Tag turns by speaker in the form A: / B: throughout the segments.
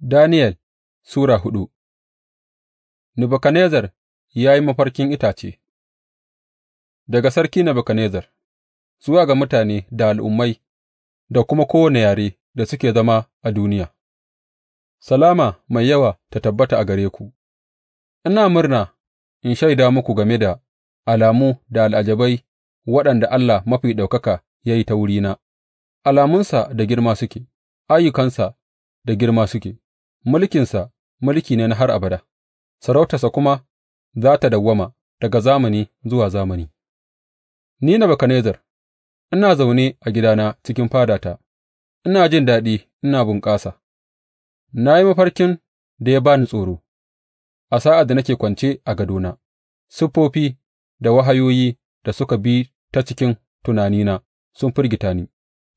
A: Daniyel Sura hudu Nebukadnezzar ya yi mafarkin itace Daga Sarki Nebukadnezzar zuwa ga mutane da al'ummai da kuma kowane yare da suke zama a duniya, Salama mai yawa ta tabbata a gare ku, ina murna in shaida muku game da alamu da al'ajabai waɗanda Allah Mafi Ɗaukaka ya yi ta wurina, alamunsa da girma suke, ayyukansa da girma suke. mulkinsa mulki ne na har abada, sarautarsa kuma za ta dawwama daga zamani zuwa zamani. Ni Nebukadnezzar, ina zaune a gidana cikin fadata, ina jin daɗi ina bunƙasa, na yi mafarkin da ya ba ni tsoro, a sa'ad da nake kwance a gadona, siffofi da wahayoyi da suka bi ta cikin tunanina sun firgita ni,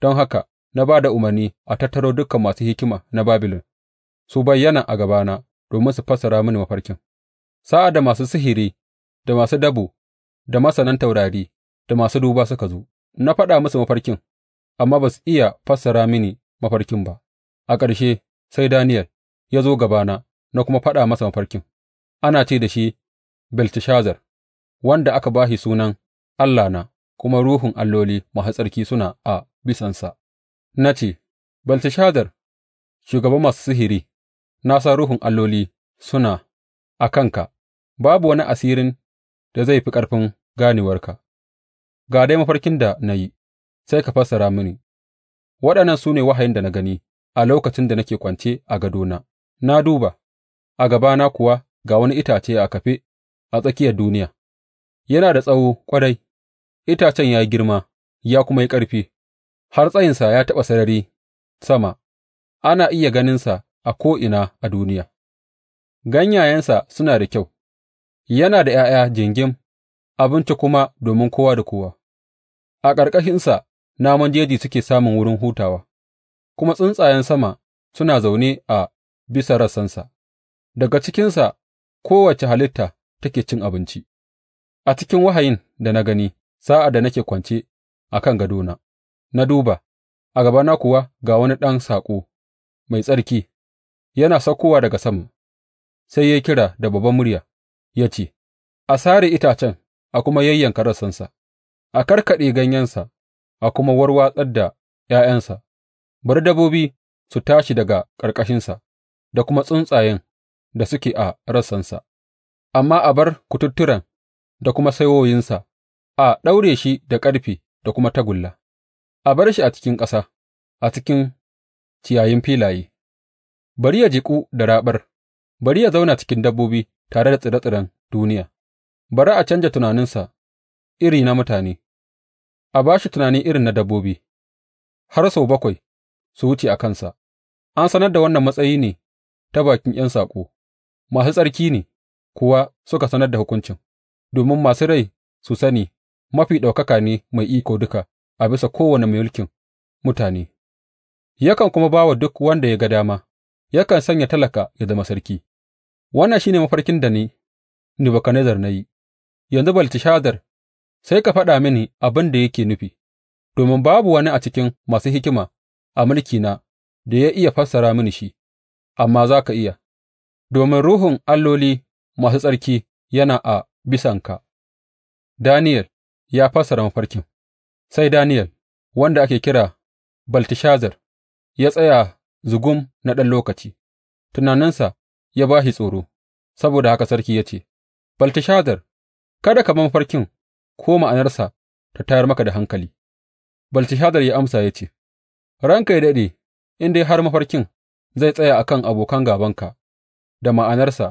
A: don haka na ba da umarni a tattaro dukan masu hikima na Babilon. su bayyana a gabana domin su fassara mini mafarkin, sa'ad da masu sihiri, da masu dabo, da masanan taurari, da masu duba suka zo, na faɗa musu mafarkin, amma ba su iya fassara mini mafarkin ba, a ƙarshe sai Daniyel ya zo gabana na kuma faɗa masa mafarkin, ana ce da shi Belteshazar, wanda aka ba shi sunan na kuma ruhun alloli masu tsarki suna a bisansa, na ce, Belteshazar, shugaban masu sihiri. na san ruhun alloli suna a kanka, babu wani asirin da zai fi ƙarfin ganewarka, ga dai mafarkin da na yi, sai ka fassara mini, waɗannan su ne wahayin da na gani a lokacin da nake kwance a gadona, na duba, a gabana kuwa ga wani itace a kafe a tsakiyar duniya, yana da tsawo ƙwarai, itacen ya yi girma, ya kuma yi ƙarfi, har tsayinsa ya taɓa sarari sama, ana iya ganinsa a ko'ina a duniya, ganyayensa suna da kyau, yana da ’ya'ya jingim, abinci kuma domin kowa da kowa, a ƙarƙashinsa namun jeji suke samun wurin hutawa, kuma tsuntsayen sama suna zaune a bisa rassansa; daga cikinsa kowace halitta take cin abinci, a cikin wahayin da na gani sa'ad da nake kwance a kan gadona, na duba, a gabana kuwa ga wani ɗan saƙo mai tsarki. yana saukowa daga sama, sai ya yi kira da babban murya ya ce, A sare itacen a kuma yayyanka rassansa, a karkaɗe ganyensa a kuma warwatsar da ’ya'yansa, bari dabbobi su tashi daga ƙarƙashinsa da kuma tsuntsayen da suke a rassansa, amma a bar kututturen da kuma saiwoyinsa, a ɗaure shi da ƙarfe da kuma tagulla, a bar shi a cikin ƙasa, a cikin ciyayin filaye. Bari yă jiƙu da raɓar, bari yă zauna cikin dabbobi tare da tsire tsiren duniya; bari a canja tunaninsa iri na mutane, a ba shi tunani irin na dabbobi, har sau bakwai su wuce a kansa, an sanar da wannan matsayi ne ta bakin ’yan saƙo, masu tsarki ne kuwa suka sanar da hukuncin, domin masu rai su sani Mafi Ɗaukaka ne mai iko duka a bisa kowane mulkin mutane, yakan kuma ba wa duk wanda ya ga dama. yakan sanya talaka ya zama sarki Wannan shi ne mafarkin da ni, Nebuchadnezzar na yi, yanzu Belteshazar, sai ka faɗa mini abin da yake nufi, domin babu wani a cikin masu hikima a mulkina da ya iya fassara mini shi, amma za ka iya, domin ruhun alloli masu tsarki yana a bisanka. daniel ya fassara mafarkin, sai daniel wanda ake kira Belteshazar, ya tsaya zugum na ɗan lokaci, tunaninsa ya ba shi tsoro, saboda haka sarki ya ce, Belteshazar, kada ka bar mafarkin ko ma'anarsa ta tayar maka da hankali. Baltashadar ya amsa ya ce, Ranka ya daɗe, in dai har mafarkin zai tsaya a kan abokan gabanka. da ma'anarsa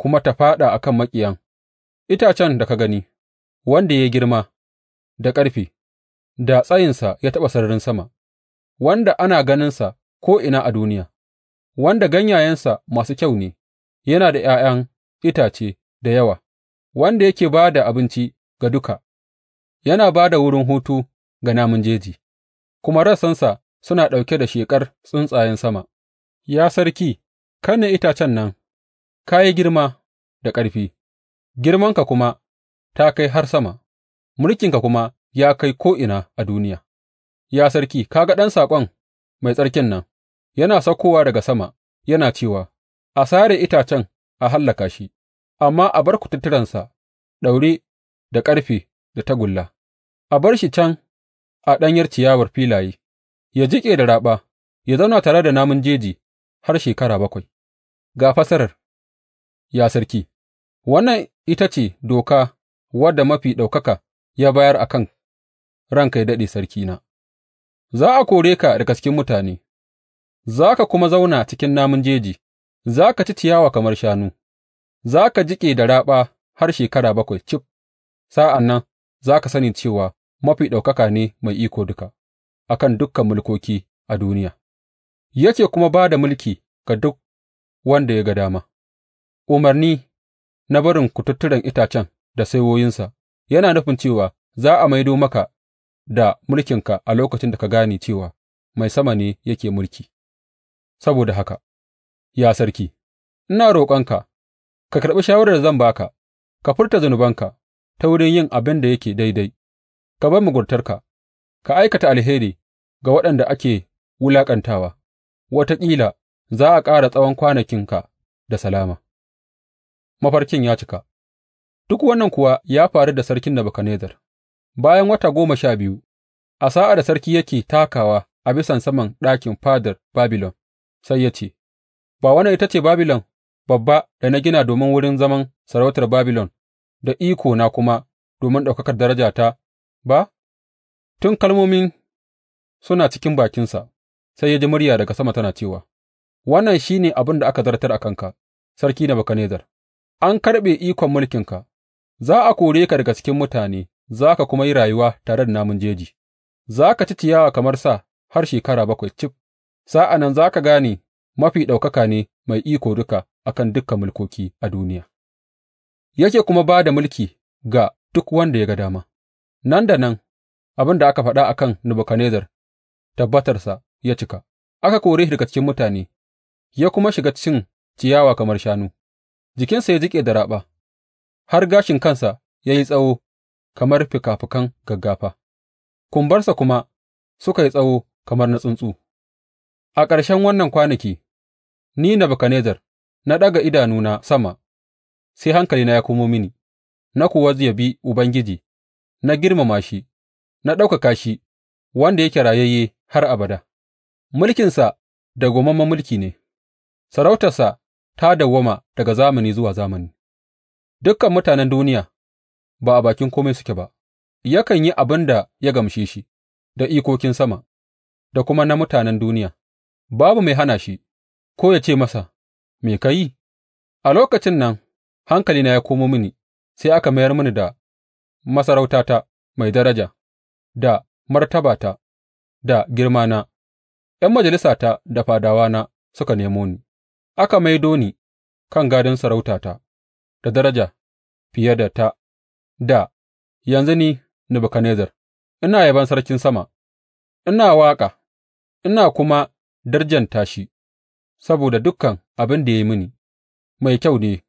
A: kuma ta faɗa a kan maƙiyan, itacen da ka gani, wanda ya girma da ƙarfe, da tsayinsa ya taɓa sararin sama, wanda ana ganinsa ko'ina a duniya, wanda ganyayensa masu kyau ne, yana da ’ya'yan itace da yawa, wanda yake ba da abinci ga duka, yana ba da wurin hutu ga namun jeji, kuma rassansa suna ɗauke da sheƙar tsuntsayen sama, ya sarki, kai ne itacen nan, ka yi girma da ƙarfi, girmanka kuma ta kai har sama, mulkinka kuma ya kai ko'ina a duniya, ya sarki, ka ga ɗan saƙon mai tsarkin nan. yana saukowa daga sama yana cewa, A sare itacen a hallaka shi, amma a bar kututturensa ɗaure da ƙarfe da tagulla, a bar shi can a ɗanyar ciyawar filaye, ya jiƙe da raɓa, ya zauna tare da namun jeji har shekara bakwai. Ga fasarar, ya sarki, wannan ita ce doka wadda mafi ɗaukaka ya bayar a kan ranka ya daɗe sarkina, za a kore ka daga cikin mutane. za ka kuma zauna cikin namun jeji, za ka ci ciyawa kamar shanu, za ka jiƙe da raɓa har shekara bakwai cif, sa'an nan za ka sani cewa Mafi Ɗaukaka ne mai iko duka a kan dukan mulkoki a duniya, yake kuma ba da mulki ga duk wanda ya ga dama, umarni na barin kututturen itacen da saiwoyinsa yana nufin cewa za a maido maka da mulkinka a lokacin da ka gane cewa mai sama ne yake mulki. Saboda haka, ya sarki, ina roƙonka ka karɓi shawarar da zan ba ka; ka furta zunubanka ta wurin yin abin da yake daidai, ka bar muguntarka, ka aikata alheri ga waɗanda ake wulaƙantawa, wataƙila za a ƙara tsawon kwanakinka da salama. Mafarkin ya cika Duk wannan kuwa ya faru da sarkin Nebukadnezzar bayan wata goma sha biyu, a sa'ad da sarki yake takawa a bisan saman ɗakin fadar Babilon. sai ya ce, Ba wannan ita ce Babilon babba da na gina domin wurin zaman sarautar Babilon da ikona kuma domin ɗaukakar darajata ba? Tun kalmomin suna cikin bakinsa, sai ya ji murya daga sama tana cewa, Wannan shi ne abin da aka zartar a kanka, Sarki bakanezar an karɓe ikon mulkinka, za a kore ka daga cikin mutane, za ka kuma yi rayuwa tare da namun jeji, za ka ci ciyawa kamar sa har shekara bakwai cif. sa'an nan za ka gane Mafi Ɗaukaka ne mai iko duka a kan dukan mulkoki a duniya, yake kuma ba da mulki ga duk wanda ya ga dama, nan da nan abin da aka faɗa a kan Nebukadnezzar tabbatarsa ya cika, aka kore shi daga cikin mutane, ya kuma shiga cin ciyawa kamar shanu, jikinsa ya jiƙe da raɓa, har gashin kansa ya yi tsawo kamar fikafikan gaggafa, kumbarsa kuma suka yi tsawo kamar na tsuntsu. A ƙarshen wannan kwanaki, ni Nebukadnezzar na ɗaga idanuna sama, sai hankalina ya komo mini, na kuwa yabi Ubangiji, na girmama shi, na ɗaukaka shi, wanda yake rayayye har abada; mulkinsa dawwammamen mulki ne, sarautarsa ta dawwama daga zamani zuwa zamani. Dukan mutanen duniya ba a bakin kome suke ba, yakan yi abin da ya gamshe shi da ikokin sama da kuma na mutanen duniya. babu mai hana shi ko ya ce masa, Me ka yi? A lokacin nan hankalina ya komo mini, sai aka mayar mini da masarautata mai daraja, da martabata, da girmana, ’yan majalisata da fadawana suka nemo ni, aka maido ni kan gadon sarautata da daraja fiye da ta da, yanzu ni Nebuchadnezzar, ina yaban sarkin sama, ina waƙa, ina kuma darjanta shi saboda dukan abin da ya yi mini, mai kyau ne,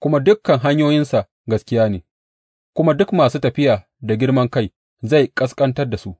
A: kuma dukan hanyoyinsa gaskiya ne, kuma duk masu tafiya da girman kai zai ƙasƙantar da su.